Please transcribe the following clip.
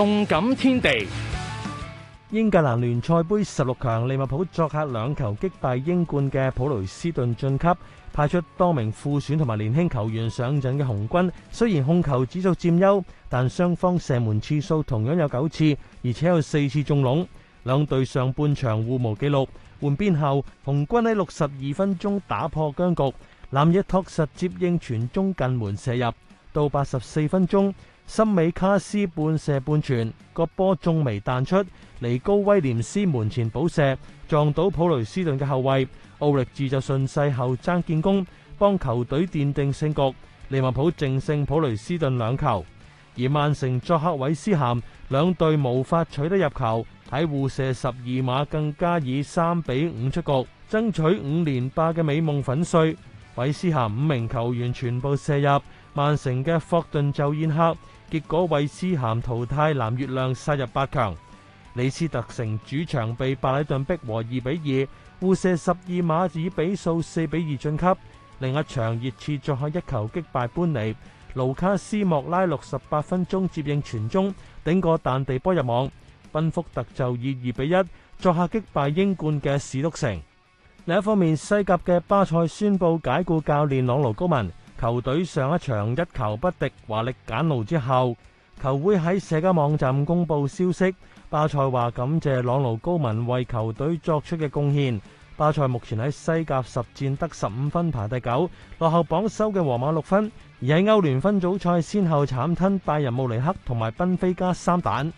動感天地，英格蘭聯賽盃十六強，利物浦作客兩球擊敗英冠嘅普雷斯頓晉級，派出多名副選同埋年輕球員上陣嘅紅軍，雖然控球指數佔優，但雙方射門次數同樣有九次，而且有四次中籠。兩隊上半場互無紀錄，換邊後，紅軍喺六十二分鐘打破僵局，藍月托實接應傳中近門射入，到八十四分鐘。森美卡斯半射半傳，個波仲未彈出，尼高威廉斯門前補射，撞到普雷斯頓嘅後衞，奧力治就順勢後爭建功，幫球隊奠定勝局。利物浦淨勝普雷斯頓兩球，而曼城作客韋斯咸，兩隊無法取得入球，喺互射十二碼更加以三比五出局，爭取五連霸嘅美夢粉碎。韋斯咸五名球員全部射入，曼城嘅霍頓就宴客，結果韋斯咸淘汰藍月亮殺入八強。李斯特城主場被白禮頓逼和二比二，互射十二碼以比數四比二晉級。另一場熱刺作客一球擊敗般尼，盧卡斯莫拉六十八分鐘接應傳中，頂過彈地波入網。賓福特就以二比一作客擊敗英冠嘅史篤城。另一方面，西甲嘅巴塞宣布解雇教練朗奴高文，球隊上一場一球不敵華麗簡奴之後，球會喺社交網站公布消息，巴塞話感謝朗奴高文為球隊作出嘅貢獻。巴塞目前喺西甲十戰得十五分排第九，落後榜首嘅皇馬六分，而喺歐聯分組賽先後慘吞拜仁慕尼克同埋賓菲加三蛋。